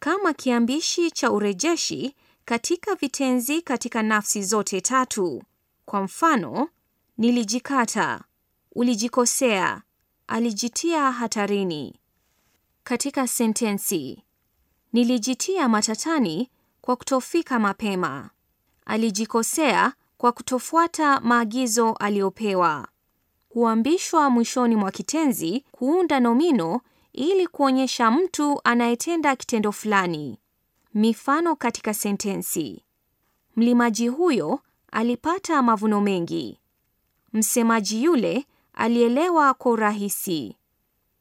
kama kiambishi cha urejeshi katika vitenzi katika nafsi zote tatu. Kwa mfano, nilijikata, ulijikosea, alijitia hatarini. Katika sentensi, nilijitia matatani kwa kutofika mapema. Alijikosea kwa kutofuata maagizo aliyopewa. Huambishwa mwishoni mwa kitenzi kuunda nomino ili kuonyesha mtu anayetenda kitendo fulani. Mifano katika sentensi: mlimaji huyo alipata mavuno mengi. Msemaji yule alielewa kwa urahisi.